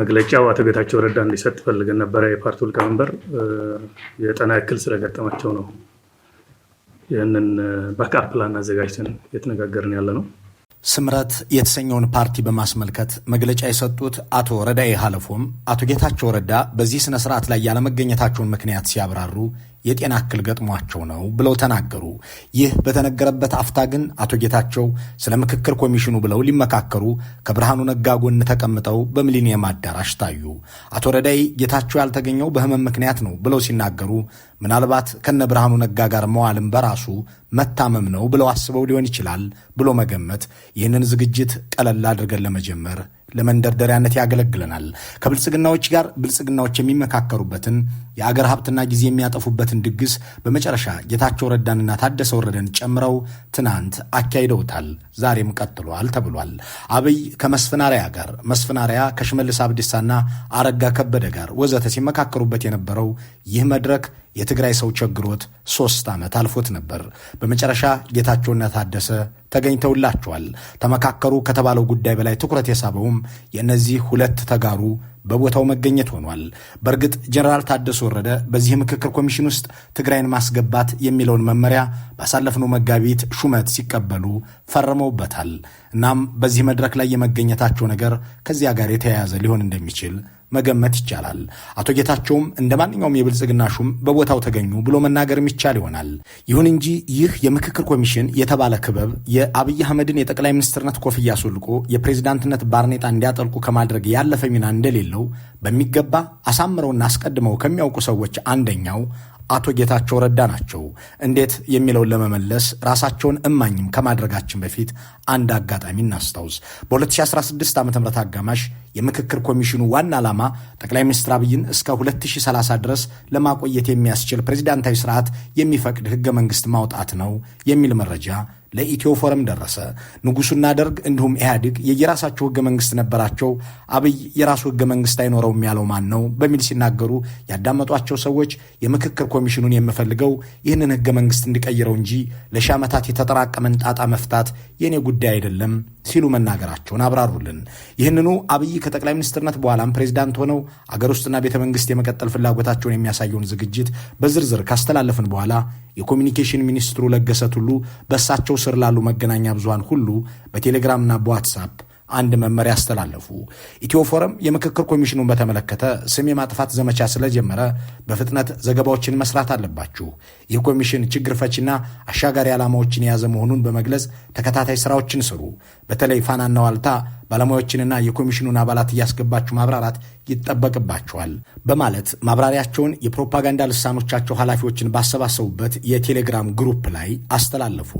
መግለጫው አቶ ጌታቸው ረዳ እንዲሰጥ ፈልገን ነበረ። የፓርቲው ሊቀመንበር የጠና እክል ስለገጠማቸው ነው። ይህንን ባክአፕ ፕላን አዘጋጅተን እየተነጋገርን ያለ ነው። ስምረት የተሰኘውን ፓርቲ በማስመልከት መግለጫ የሰጡት አቶ ረዳኤ ሀለፎም አቶ ጌታቸው ረዳ በዚህ ስነ ስርዓት ላይ ያለመገኘታቸውን ምክንያት ሲያብራሩ የጤና እክል ገጥሟቸው ነው ብለው ተናገሩ። ይህ በተነገረበት አፍታ ግን አቶ ጌታቸው ስለ ምክክር ኮሚሽኑ ብለው ሊመካከሩ ከብርሃኑ ነጋ ጎን ተቀምጠው በሚሊኒየም አዳራሽ ታዩ። አቶ ረዳይ ጌታቸው ያልተገኘው በህመም ምክንያት ነው ብለው ሲናገሩ ምናልባት ከነ ብርሃኑ ነጋ ጋር መዋልም በራሱ መታመም ነው ብለው አስበው ሊሆን ይችላል ብሎ መገመት ይህንን ዝግጅት ቀለል አድርገን ለመጀመር ለመንደርደሪያነት ያገለግለናል። ከብልጽግናዎች ጋር ብልጽግናዎች የሚመካከሩበትን የአገር ሀብትና ጊዜ የሚያጠፉበትን ድግስ በመጨረሻ ጌታቸው ረዳንና ታደሰ ወረደን ጨምረው ትናንት አካሂደውታል። ዛሬም ቀጥሏል ተብሏል። አብይ ከመስፍናሪያ ጋር፣ መስፍናሪያ ከሽመልስ አብዲሳና አረጋ ከበደ ጋር ወዘተ ሲመካከሩበት የነበረው ይህ መድረክ የትግራይ ሰው ቸግሮት ሶስት ዓመት አልፎት ነበር። በመጨረሻ ጌታቸውና ታደሰ ተገኝተውላቸዋል። ተመካከሩ ከተባለው ጉዳይ በላይ ትኩረት የሳበውም የእነዚህ ሁለት ተጋሩ በቦታው መገኘት ሆኗል። በእርግጥ ጀኔራል ታደሰ ወረደ በዚህ ምክክር ኮሚሽን ውስጥ ትግራይን ማስገባት የሚለውን መመሪያ ባሳለፍነው መጋቢት ሹመት ሲቀበሉ ፈርመውበታል። እናም በዚህ መድረክ ላይ የመገኘታቸው ነገር ከዚያ ጋር የተያያዘ ሊሆን እንደሚችል መገመት ይቻላል። አቶ ጌታቸውም እንደ ማንኛውም የብልጽግና ሹም በቦታው ተገኙ ብሎ መናገርም ይቻል ይሆናል። ይሁን እንጂ ይህ የምክክር ኮሚሽን የተባለ ክበብ የአብይ አህመድን የጠቅላይ ሚኒስትርነት ኮፍያ አስወልቆ የፕሬዚዳንትነት ባርኔጣ እንዲያጠልቁ ከማድረግ ያለፈ ሚና እንደሌለው እንዳለው በሚገባ አሳምረውና አስቀድመው ከሚያውቁ ሰዎች አንደኛው አቶ ጌታቸው ረዳ ናቸው። እንዴት የሚለውን ለመመለስ ራሳቸውን እማኝም ከማድረጋችን በፊት አንድ አጋጣሚ እናስታውስ። በ2016 ዓ ም አጋማሽ የምክክር ኮሚሽኑ ዋና ዓላማ ጠቅላይ ሚኒስትር አብይን እስከ 2030 ድረስ ለማቆየት የሚያስችል ፕሬዚዳንታዊ ስርዓት የሚፈቅድ ህገ መንግስት ማውጣት ነው የሚል መረጃ ለኢትዮ ፎረም ደረሰ። ንጉሱና ደርግ እንዲሁም ኢህአዴግ የየራሳቸው ህገ መንግስት ነበራቸው፣ አብይ የራሱ ህገ መንግስት አይኖረውም ያለው ማን ነው በሚል ሲናገሩ ያዳመጧቸው ሰዎች የምክክር ኮሚሽኑን የምፈልገው ይህንን ህገ መንግስት እንዲቀይረው እንጂ ለሺ ዓመታት የተጠራቀመን ጣጣ መፍታት የእኔ ጉዳይ አይደለም ሲሉ መናገራቸውን አብራሩልን። ይህንኑ አብይ ከጠቅላይ ሚኒስትርነት በኋላም ፕሬዚዳንት ሆነው አገር ውስጥና ቤተ መንግስት የመቀጠል ፍላጎታቸውን የሚያሳየውን ዝግጅት በዝርዝር ካስተላለፍን በኋላ የኮሚኒኬሽን ሚኒስትሩ ለገሰ ቱሉ በእሳቸው ስር ላሉ መገናኛ ብዙሃን ሁሉ በቴሌግራምና በዋትሳፕ አንድ መመሪያ አስተላለፉ። ኢትዮ ፎረም የምክክር ኮሚሽኑን በተመለከተ ስም የማጥፋት ዘመቻ ስለጀመረ በፍጥነት ዘገባዎችን መስራት አለባችሁ። ይህ ኮሚሽን ችግር ፈቺና አሻጋሪ ዓላማዎችን የያዘ መሆኑን በመግለጽ ተከታታይ ስራዎችን ስሩ። በተለይ ፋናና ዋልታ ባለሙያዎችንና የኮሚሽኑን አባላት እያስገባችሁ ማብራራት ይጠበቅባቸዋል በማለት ማብራሪያቸውን የፕሮፓጋንዳ ልሳኖቻቸው ኃላፊዎችን ባሰባሰቡበት የቴሌግራም ግሩፕ ላይ አስተላለፉ።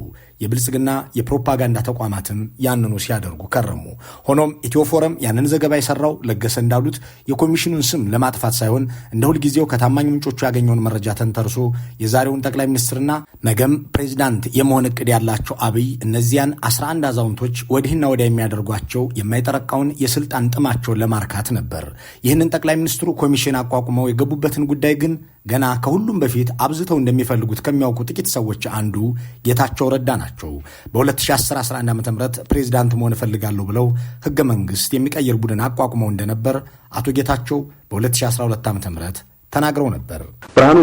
የብልጽግና የፕሮፓጋንዳ ተቋማትም ያንኑ ሲያደርጉ ከረሙ። ሆኖም ኢትዮፎረም ያንን ዘገባ የሰራው ለገሰ እንዳሉት የኮሚሽኑን ስም ለማጥፋት ሳይሆን እንደ ሁልጊዜው ከታማኝ ምንጮቹ ያገኘውን መረጃ ተንተርሶ የዛሬውን ጠቅላይ ሚኒስትርና ነገም ፕሬዚዳንት የመሆን እቅድ ያላቸው አብይ እነዚያን 11 አዛውንቶች ወዲህና ወዲያ የሚያደርጓቸው የማይጠረቃውን የስልጣን ጥማቸውን ለማርካት ነበር። ይህንን ጠቅላይ ሚኒስትሩ ኮሚሽን አቋቁመው የገቡበትን ጉዳይ ግን ገና ከሁሉም በፊት አብዝተው እንደሚፈልጉት ከሚያውቁ ጥቂት ሰዎች አንዱ ጌታቸው ረዳ ናቸው። በ2011 ዓ ም ፕሬዚዳንት መሆን እፈልጋለሁ ብለው ህገ መንግስት የሚቀይር ቡድን አቋቁመው እንደነበር አቶ ጌታቸው በ2012 ዓ ም ተናግረው ነበር። ብርሃኑ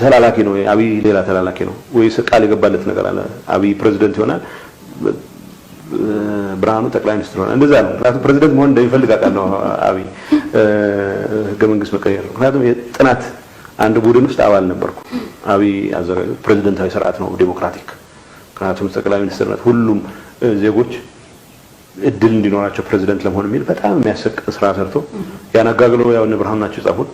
ተላላኪ ነው፣ አብይ ሌላ ተላላኪ ነው ወይስ ቃል የገባለት ነገር አለ? አብይ ፕሬዚደንት ይሆናል ብርሃኑ ጠቅላይ ሚኒስትር ሆነ። እንደዛ ነው። ምክንያቱም ፕሬዚደንት መሆን እንደሚፈልግ አውቃለሁ አብይ ህገ መንግስት መቀየር። ምክንያቱም የጥናት አንድ ቡድን ውስጥ አባል ነበርኩ። አብይ አዘጋጁ ፕሬዚደንታዊ ስርዓት ነው ዴሞክራቲክ። ምክንያቱም ጠቅላይ ሚኒስትርነት ሁሉም ዜጎች እድል እንዲኖራቸው ፕሬዚደንት ለመሆን የሚል በጣም የሚያሰቅ ስራ ሰርቶ ያናጋግለው ያው እነ ብርሃኑ ናቸው የጻፉት።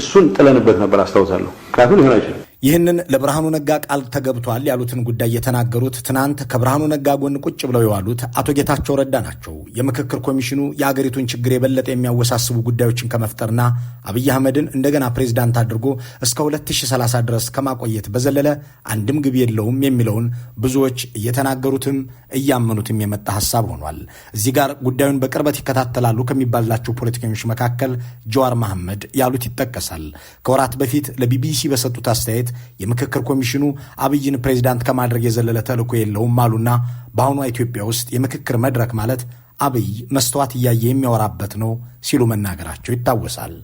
እሱን ጥለንበት ነበር አስታውሳለሁ። ምክንያቱም ሊሆን አይችልም ይህንን ለብርሃኑ ነጋ ቃል ተገብቷል ያሉትን ጉዳይ የተናገሩት ትናንት ከብርሃኑ ነጋ ጎን ቁጭ ብለው የዋሉት አቶ ጌታቸው ረዳ ናቸው። የምክክር ኮሚሽኑ የአገሪቱን ችግር የበለጠ የሚያወሳስቡ ጉዳዮችን ከመፍጠርና አብይ አህመድን እንደገና ፕሬዚዳንት አድርጎ እስከ 2030 ድረስ ከማቆየት በዘለለ አንድም ግብ የለውም የሚለውን ብዙዎች እየተናገሩትም እያመኑትም የመጣ ሀሳብ ሆኗል። እዚህ ጋር ጉዳዩን በቅርበት ይከታተላሉ ከሚባላቸው ፖለቲከኞች መካከል ጀዋር መሐመድ ያሉት ይጠቀሳል። ከወራት በፊት ለቢቢሲ በሰጡት አስተያየት የምክክር ኮሚሽኑ አብይን ፕሬዚዳንት ከማድረግ የዘለለ ተልዕኮ የለውም አሉና በአሁኗ ኢትዮጵያ ውስጥ የምክክር መድረክ ማለት አብይ መስተዋት እያየ የሚያወራበት ነው ሲሉ መናገራቸው ይታወሳል።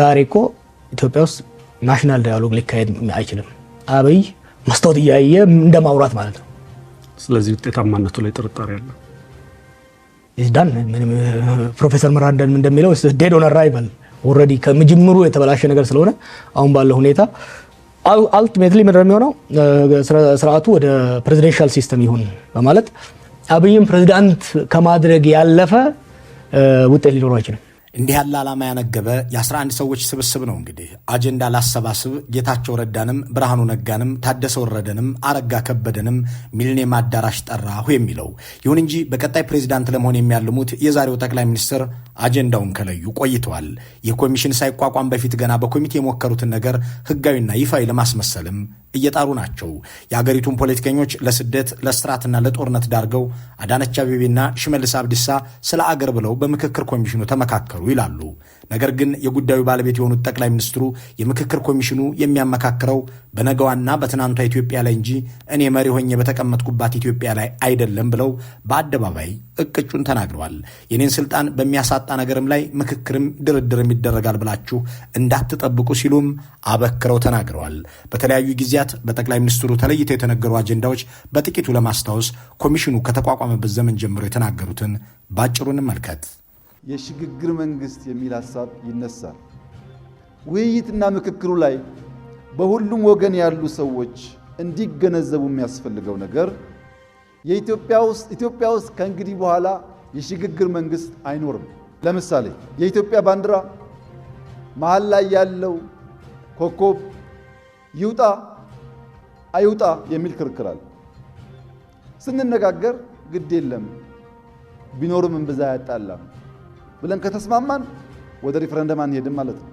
ዛሬ እኮ ኢትዮጵያ ውስጥ ናሽናል ዳያሎግ ሊካሄድ አይችልም። አብይ መስታወት እያየ እንደ ማውራት ማለት ነው። ስለዚህ ውጤታማነቱ ላይ ጥርጣሬ አለ። ዳን ፕሮፌሰር መራንደን እንደሚለው ዴድ ኦን አራይቫል ኦልሬዲ ከመጀመሩ የተበላሸ ነገር ስለሆነ አሁን ባለው ሁኔታ አልቲሜትሊ ምንድን ነው የሚሆነው? ስርዓቱ ወደ ፕሬዚደንሻል ሲስተም ይሁን በማለት አብይም ፕሬዚዳንት ከማድረግ ያለፈ ውጤት ሊኖረው አይችልም። እንዲህ ያለ ዓላማ ያነገበ የ11 ሰዎች ስብስብ ነው እንግዲህ አጀንዳ ላሰባስብ ጌታቸው ረዳንም ብርሃኑ ነጋንም ታደሰ ወረደንም አረጋ ከበደንም ሚሊኒየም አዳራሽ ጠራሁ የሚለው። ይሁን እንጂ በቀጣይ ፕሬዚዳንት ለመሆን የሚያልሙት የዛሬው ጠቅላይ ሚኒስትር አጀንዳውን ከለዩ ቆይተዋል። ይህ ኮሚሽን ሳይቋቋም በፊት ገና በኮሚቴ የሞከሩትን ነገር ህጋዊና ይፋዊ ለማስመሰልም እየጣሩ ናቸው። የአገሪቱን ፖለቲከኞች ለስደት ለስርዓትና ለጦርነት ዳርገው አዳነች አቤቤና ሽመልስ አብዲሳ ስለ አገር ብለው በምክክር ኮሚሽኑ ተመካከሩ ይላሉ። ነገር ግን የጉዳዩ ባለቤት የሆኑት ጠቅላይ ሚኒስትሩ የምክክር ኮሚሽኑ የሚያመካክረው በነገዋና በትናንቷ ኢትዮጵያ ላይ እንጂ እኔ መሪ ሆኜ በተቀመጥኩባት ኢትዮጵያ ላይ አይደለም ብለው በአደባባይ እቅጩን ተናግረዋል። የኔን ስልጣን በሚያሳጣ ነገርም ላይ ምክክርም ድርድርም ይደረጋል ብላችሁ እንዳትጠብቁ ሲሉም አበክረው ተናግረዋል። በተለያዩ ጊዜያት በጠቅላይ ሚኒስትሩ ተለይተው የተነገሩ አጀንዳዎች በጥቂቱ ለማስታወስ ኮሚሽኑ ከተቋቋመበት ዘመን ጀምሮ የተናገሩትን ባጭሩ እንመልከት። የሽግግር መንግስት የሚል ሀሳብ ይነሳል። ውይይትና ምክክሩ ላይ በሁሉም ወገን ያሉ ሰዎች እንዲገነዘቡ የሚያስፈልገው ነገር የኢትዮጵያ ውስጥ ኢትዮጵያ ውስጥ ከእንግዲህ በኋላ የሽግግር መንግስት አይኖርም። ለምሳሌ የኢትዮጵያ ባንዲራ መሀል ላይ ያለው ኮከብ ይውጣ አይውጣ የሚል ክርክር አለ። ስንነጋገር ግድ የለም ቢኖርም እምብዛ አያጣላም። ብለን ከተስማማን ወደ ሪፈረንደም አንሄድም ማለት ነው።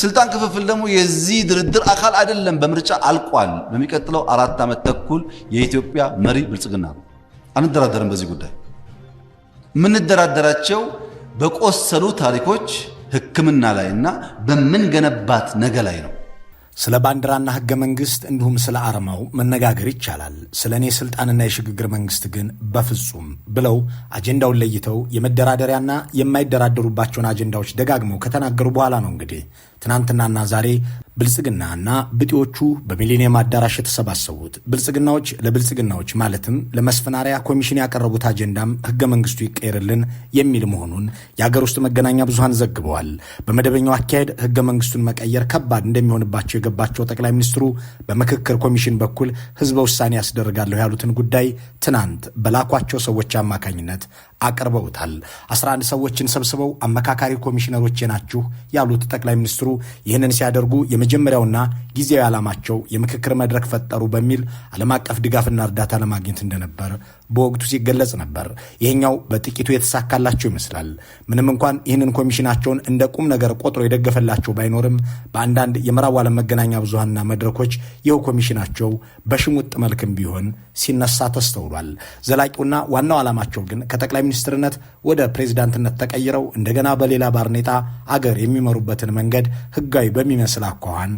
ስልጣን ክፍፍል ደግሞ የዚህ ድርድር አካል አይደለም። በምርጫ አልቋል። በሚቀጥለው አራት ዓመት ተኩል የኢትዮጵያ መሪ ብልጽግና ነው። አንደራደርም። በዚህ ጉዳይ የምንደራደራቸው በቆሰሉ ታሪኮች ሕክምና ላይ እና በምንገነባት ነገ ላይ ነው። ስለ ባንዲራና ህገ መንግስት እንዲሁም ስለ አርማው መነጋገር ይቻላል። ስለ እኔ ስልጣንና የሽግግር መንግስት ግን በፍጹም ብለው አጀንዳውን ለይተው የመደራደሪያና የማይደራደሩባቸውን አጀንዳዎች ደጋግመው ከተናገሩ በኋላ ነው እንግዲህ ትናንትናና ዛሬ ብልጽግናና ብጤዎቹ በሚሊኒየም አዳራሽ የተሰባሰቡት ብልጽግናዎች ለብልጽግናዎች ማለትም ለመስፈናሪያ ኮሚሽን ያቀረቡት አጀንዳም ህገ መንግስቱ ይቀየርልን የሚል መሆኑን የአገር ውስጥ መገናኛ ብዙሃን ዘግበዋል። በመደበኛው አካሄድ ህገ መንግስቱን መቀየር ከባድ እንደሚሆንባቸው የገባቸው ጠቅላይ ሚኒስትሩ በምክክር ኮሚሽን በኩል ህዝበ ውሳኔ ያስደርጋለሁ ያሉትን ጉዳይ ትናንት በላኳቸው ሰዎች አማካኝነት አቅርበውታል። 11 ሰዎችን ሰብስበው አመካካሪ ኮሚሽነሮቼ ናችሁ ያሉት ጠቅላይ ሚኒስትሩ ይህንን ሲያደርጉ የመጀመሪያውና ጊዜያዊ ዓላማቸው የምክክር መድረክ ፈጠሩ በሚል ዓለም አቀፍ ድጋፍና እርዳታ ለማግኘት እንደነበር በወቅቱ ሲገለጽ ነበር። ይህኛው በጥቂቱ የተሳካላቸው ይመስላል። ምንም እንኳን ይህንን ኮሚሽናቸውን እንደ ቁም ነገር ቆጥሮ የደገፈላቸው ባይኖርም በአንዳንድ የምዕራብ ዓለም መገናኛ ብዙሃንና መድረኮች ይኸው ኮሚሽናቸው በሽሙጥ መልክም ቢሆን ሲነሳ ተስተውሏል። ዘላቂውና ዋናው ዓላማቸው ግን ከጠቅላይ ሚኒስትርነት ወደ ፕሬዚዳንትነት ተቀይረው እንደገና በሌላ ባርኔጣ አገር የሚመሩበትን መንገድ ህጋዊ በሚመስል አኳኋን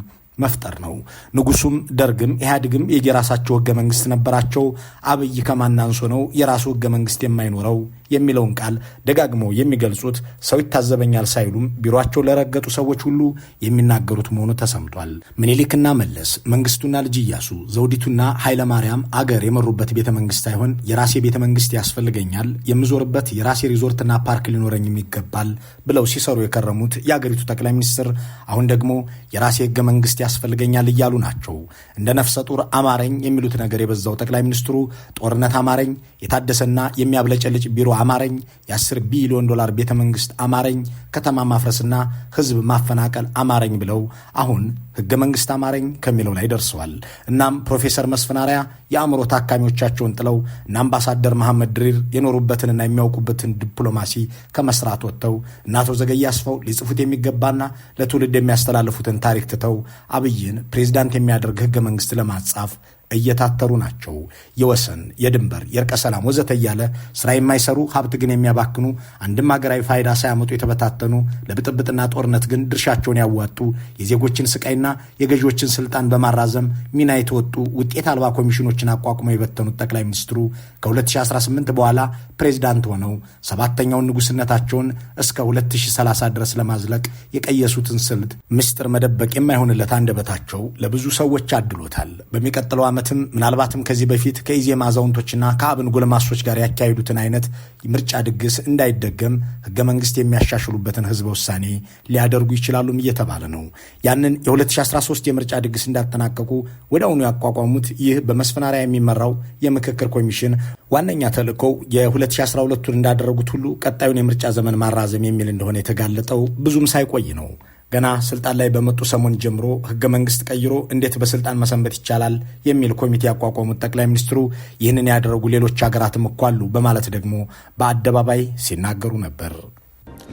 መፍጠር ነው። ንጉሱም ደርግም ኢህአዴግም የየራሳቸው ህገ መንግስት ነበራቸው። አብይ ከማናንሶ ነው የራሱ ህገ መንግስት የማይኖረው የሚለውን ቃል ደጋግመው የሚገልጹት ሰው ይታዘበኛል ሳይሉም ቢሮቸው ለረገጡ ሰዎች ሁሉ የሚናገሩት መሆኑ ተሰምቷል። ምኒልክና መለስ፣ መንግስቱና ልጅ እያሱ፣ ዘውዲቱና ኃይለማርያም አገር የመሩበት ቤተ መንግስት ሳይሆን የራሴ ቤተ መንግስት ያስፈልገኛል፣ የምዞርበት የራሴ ሪዞርትና ፓርክ ሊኖረኝም ይገባል ብለው ሲሰሩ የከረሙት የአገሪቱ ጠቅላይ ሚኒስትር አሁን ደግሞ የራሴ ህገ መንግስት ያስፈልገኛል እያሉ ናቸው። እንደ ነፍሰ ጡር አማረኝ የሚሉት ነገር የበዛው ጠቅላይ ሚኒስትሩ ጦርነት አማረኝ፣ የታደሰና የሚያብለጨልጭ ቢሮ አማረኝ፣ የ10 ቢሊዮን ዶላር ቤተ መንግስት አማረኝ፣ ከተማ ማፍረስና ህዝብ ማፈናቀል አማረኝ ብለው አሁን ህገ መንግስት አማረኝ ከሚለው ላይ ደርሰዋል። እናም ፕሮፌሰር መስፍን አርአያ የአእምሮ ታካሚዎቻቸውን ጥለው እነ አምባሳደር መሐመድ ድሪር የኖሩበትንና የሚያውቁበትን ዲፕሎማሲ ከመስራት ወጥተው እነ አቶ ዘገየ አስፋው ሊጽፉት የሚገባና ለትውልድ የሚያስተላልፉትን ታሪክ ትተው አብይን ፕሬዚዳንት የሚያደርግ ህገ መንግስት ለማጻፍ እየታተሩ ናቸው። የወሰን የድንበር የእርቀ ሰላም ወዘተ እያለ ስራ የማይሰሩ ሀብት ግን የሚያባክኑ አንድም ሀገራዊ ፋይዳ ሳያመጡ የተበታተኑ ለብጥብጥና ጦርነት ግን ድርሻቸውን ያዋጡ የዜጎችን ስቃይና የገዢዎችን ስልጣን በማራዘም ሚና የተወጡ ውጤት አልባ ኮሚሽኖችን አቋቁመው የበተኑት ጠቅላይ ሚኒስትሩ ከ2018 በኋላ ፕሬዚዳንት ሆነው ሰባተኛውን ንጉስነታቸውን እስከ 2030 ድረስ ለማዝለቅ የቀየሱትን ስልት ምስጢር መደበቅ የማይሆንለት አንደበታቸው ለብዙ ሰዎች አድሎታል። በሚቀጥለው ዓመትም ምናልባትም ከዚህ በፊት ከኢዜማ አዛውንቶችና ከአብን ጎልማሶች ጋር ያካሄዱትን አይነት ምርጫ ድግስ እንዳይደገም ህገ መንግስት የሚያሻሽሉበትን ህዝበ ውሳኔ ሊያደርጉ ይችላሉም እየተባለ ነው። ያንን የ2013 የምርጫ ድግስ እንዳጠናቀቁ ወደአሁኑ ያቋቋሙት ይህ በመስፈናሪያ የሚመራው የምክክር ኮሚሽን ዋነኛ ተልእኮው የ2012ቱን እንዳደረጉት ሁሉ ቀጣዩን የምርጫ ዘመን ማራዘም የሚል እንደሆነ የተጋለጠው ብዙም ሳይቆይ ነው። ገና ስልጣን ላይ በመጡ ሰሞን ጀምሮ ህገ መንግስት ቀይሮ እንዴት በስልጣን መሰንበት ይቻላል የሚል ኮሚቴ ያቋቋሙት ጠቅላይ ሚኒስትሩ ይህንን ያደረጉ ሌሎች ሀገራትም እኮ አሉ በማለት ደግሞ በአደባባይ ሲናገሩ ነበር።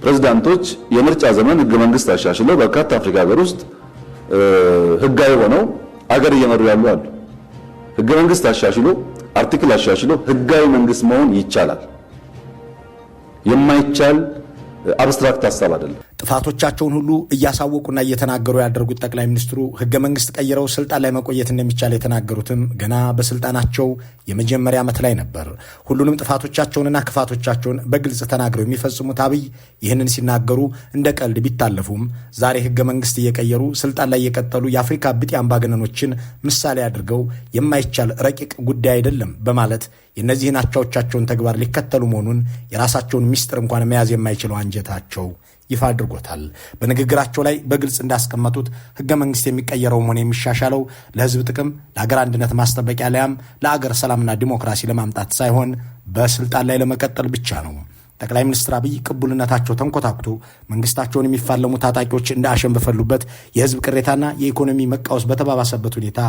ፕሬዚዳንቶች የምርጫ ዘመን ህገ መንግስት አሻሽለው በርካታ አፍሪካ ሀገር ውስጥ ህጋዊ ሆነው አገር እየመሩ ያሉ አሉ። ህገ መንግስት አሻሽሎ አርቲክል አሻሽሎ ህጋዊ መንግስት መሆን ይቻላል። የማይቻል አብስትራክት ሀሳብ አይደለም። ጥፋቶቻቸውን ሁሉ እያሳወቁና እየተናገሩ ያደርጉት ጠቅላይ ሚኒስትሩ ህገ መንግስት ቀይረው ስልጣን ላይ መቆየት እንደሚቻል የተናገሩትም ገና በስልጣናቸው የመጀመሪያ ዓመት ላይ ነበር። ሁሉንም ጥፋቶቻቸውንና ክፋቶቻቸውን በግልጽ ተናግረው የሚፈጽሙት አብይ ይህንን ሲናገሩ እንደ ቀልድ ቢታለፉም ዛሬ ህገ መንግስት እየቀየሩ ስልጣን ላይ የቀጠሉ የአፍሪካ ብጤ አምባገነኖችን ምሳሌ አድርገው የማይቻል ረቂቅ ጉዳይ አይደለም በማለት የእነዚህን አቻዎቻቸውን ተግባር ሊከተሉ መሆኑን የራሳቸውን ሚስጥር እንኳን መያዝ የማይችለው አንጀታቸው ይፋ አድርጎታል። በንግግራቸው ላይ በግልጽ እንዳስቀመጡት ህገ መንግስት የሚቀየረውም ሆነ የሚሻሻለው ለህዝብ ጥቅም፣ ለሀገር አንድነት ማስጠበቂያ፣ ሊያም ለአገር ሰላምና ዲሞክራሲ ለማምጣት ሳይሆን በስልጣን ላይ ለመቀጠል ብቻ ነው። ጠቅላይ ሚኒስትር አብይ ቅቡልነታቸው ተንኮታኩቶ መንግስታቸውን የሚፋለሙ ታጣቂዎች እንደ አሸን በፈሉበት የህዝብ ቅሬታና የኢኮኖሚ መቃወስ በተባባሰበት ሁኔታ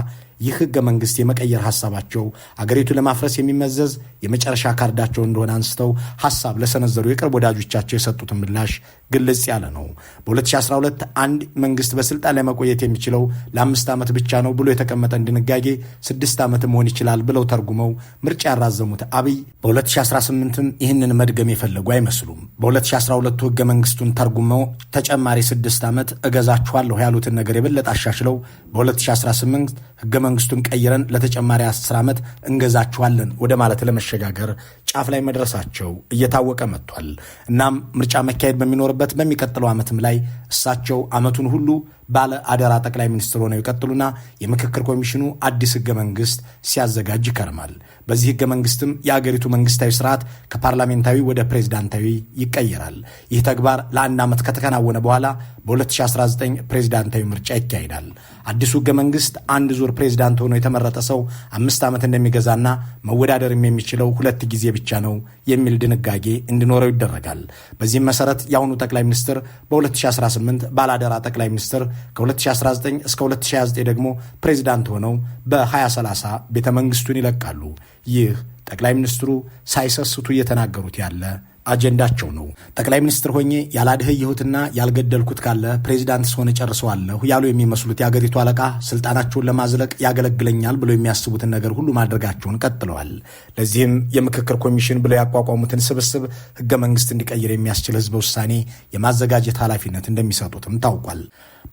ይህ ህገ መንግስት የመቀየር ሀሳባቸው አገሪቱ ለማፍረስ የሚመዘዝ የመጨረሻ ካርዳቸው እንደሆነ አንስተው ሀሳብ ለሰነዘሩ የቅርብ ወዳጆቻቸው የሰጡትን ምላሽ ግልጽ ያለ ነው። በ2012 አንድ መንግስት በስልጣን ላይ መቆየት የሚችለው ለአምስት ዓመት ብቻ ነው ብሎ የተቀመጠን ድንጋጌ ስድስት ዓመት መሆን ይችላል ብለው ተርጉመው ምርጫ ያራዘሙት አብይ በ2018ም ይህንን መድገም የፈለ የፈለጉ አይመስሉም። በ2012 ህገ መንግስቱን ተርጉመው ተጨማሪ ስድስት ዓመት እገዛችኋለሁ ያሉትን ነገር የበለጠ አሻሽለው በ2018 ህገ መንግስቱን ቀይረን ለተጨማሪ 10 ዓመት እንገዛችኋለን ወደ ማለት ለመሸጋገር ጫፍ ላይ መድረሳቸው እየታወቀ መጥቷል። እናም ምርጫ መካሄድ በሚኖርበት በሚቀጥለው ዓመትም ላይ እሳቸው ዓመቱን ሁሉ ባለ አደራ ጠቅላይ ሚኒስትር ሆነው ይቀጥሉና የምክክር ኮሚሽኑ አዲስ ህገ መንግስት ሲያዘጋጅ ይከርማል። በዚህ ህገ መንግስትም የአገሪቱ መንግስታዊ ስርዓት ከፓርላሜንታዊ ወደ ፕሬዝዳንታዊ ይቀየራል። ይህ ተግባር ለአንድ ዓመት ከተከናወነ በኋላ በ2019 ፕሬዝዳንታዊ ምርጫ ይካሄዳል። አዲሱ ህገ መንግስት አንድ ዙር ፕሬዝዳንት ሆኖ የተመረጠ ሰው አምስት ዓመት እንደሚገዛና መወዳደርም የሚችለው ሁለት ጊዜ ብቻ ነው የሚል ድንጋጌ እንዲኖረው ይደረጋል። በዚህም መሰረት የአሁኑ ጠቅላይ ሚኒስትር በ2018 ባለአደራ ጠቅላይ ሚኒስትር ከ2019 እስከ 2029 ደግሞ ፕሬዚዳንት ሆነው በ2030 ቤተ መንግስቱን ይለቃሉ። ይህ ጠቅላይ ሚኒስትሩ ሳይሰስቱ እየተናገሩት ያለ አጀንዳቸው ነው። ጠቅላይ ሚኒስትር ሆኜ ያላድህየሁትና ያልገደልኩት ካለ ፕሬዚዳንት ስሆን ጨርሰዋለሁ ያሉ የሚመስሉት የአገሪቱ አለቃ ስልጣናቸውን ለማዝለቅ ያገለግለኛል ብለው የሚያስቡትን ነገር ሁሉ ማድረጋቸውን ቀጥለዋል። ለዚህም የምክክር ኮሚሽን ብለው ያቋቋሙትን ስብስብ ህገ መንግስት እንዲቀይር የሚያስችል ህዝበ ውሳኔ የማዘጋጀት ኃላፊነት እንደሚሰጡትም ታውቋል።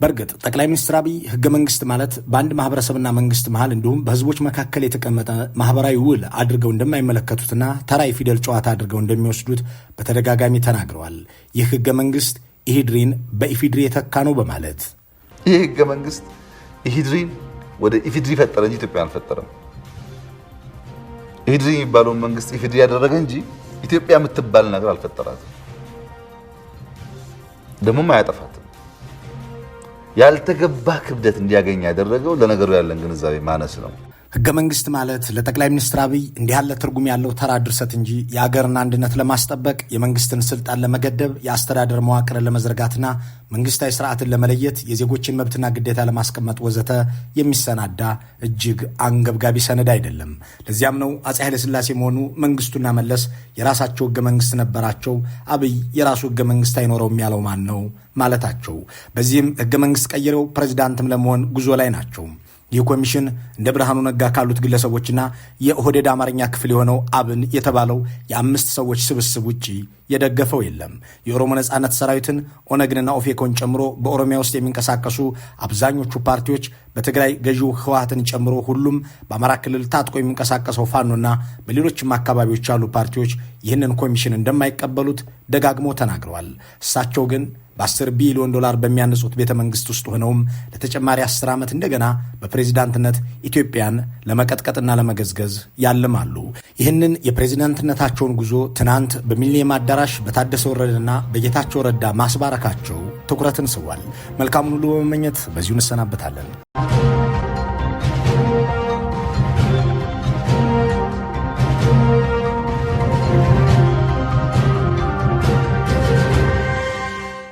በእርግጥ ጠቅላይ ሚኒስትር አብይ ህገ መንግስት ማለት በአንድ ማህበረሰብና መንግስት መሃል እንዲሁም በህዝቦች መካከል የተቀመጠ ማህበራዊ ውል አድርገው እንደማይመለከቱትና ተራ ፊደል ጨዋታ አድርገው እንደሚወስዱት በተደጋጋሚ ተናግረዋል። ይህ ህገ መንግስት ኢሂድሪን በኢፊድሪ የተካ ነው በማለት ይህ ህገ መንግስት ኢሂድሪን ወደ ኢፊድሪ ፈጠረ እንጂ ኢትዮጵያ አልፈጠረም። ኢሂድሪ የሚባለውን መንግስት ኢፊድሪ ያደረገ እንጂ ኢትዮጵያ የምትባል ነገር አልፈጠራትም፣ ደግሞም አያጠፋትም። ያልተገባ ክብደት እንዲያገኝ ያደረገው ለነገሩ ያለን ግንዛቤ ማነስ ነው። ህገ መንግስት ማለት ለጠቅላይ ሚኒስትር አብይ እንዲህ ያለ ትርጉም ያለው ተራ ድርሰት እንጂ የአገርን አንድነት ለማስጠበቅ የመንግስትን ስልጣን ለመገደብ የአስተዳደር መዋቅር ለመዘርጋትና መንግስታዊ ስርዓትን ለመለየት የዜጎችን መብትና ግዴታ ለማስቀመጥ ወዘተ የሚሰናዳ እጅግ አንገብጋቢ ሰነድ አይደለም። ለዚያም ነው አጼ ኃይለሥላሴ መሆኑ መንግስቱና መለስ የራሳቸው ህገ መንግስት ነበራቸው፣ አብይ የራሱ ህገ መንግስት አይኖረውም ያለው ማን ነው ማለታቸው። በዚህም ህገ መንግስት ቀይረው ፕሬዚዳንትም ለመሆን ጉዞ ላይ ናቸው። ይህ ኮሚሽን እንደ ብርሃኑ ነጋ ካሉት ግለሰቦችና የኦህዴድ አማርኛ ክፍል የሆነው አብን የተባለው የአምስት ሰዎች ስብስብ ውጪ የደገፈው የለም። የኦሮሞ ነጻነት ሰራዊትን ኦነግንና ኦፌኮን ጨምሮ በኦሮሚያ ውስጥ የሚንቀሳቀሱ አብዛኞቹ ፓርቲዎች በትግራይ ገዢው ህወሓትን ጨምሮ ሁሉም በአማራ ክልል ታጥቆ የሚንቀሳቀሰው ፋኖና በሌሎችም አካባቢዎች ያሉ ፓርቲዎች ይህንን ኮሚሽን እንደማይቀበሉት ደጋግሞ ተናግረዋል። እሳቸው ግን በ10 ቢሊዮን ዶላር በሚያነጹት ቤተ መንግስት ውስጥ ሆነውም ለተጨማሪ 10 ዓመት እንደገና በፕሬዚዳንትነት ኢትዮጵያን ለመቀጥቀጥና ለመገዝገዝ ያልማሉ። ይህንን የፕሬዚዳንትነታቸውን ጉዞ ትናንት በሚሊኒየም አዳራሽ በታደሰ ወረደና በጌታቸው ረዳ ማስባረካቸው ትኩረትን ስቧል። መልካሙን ሁሉ በመመኘት በዚሁ እንሰናበታለን።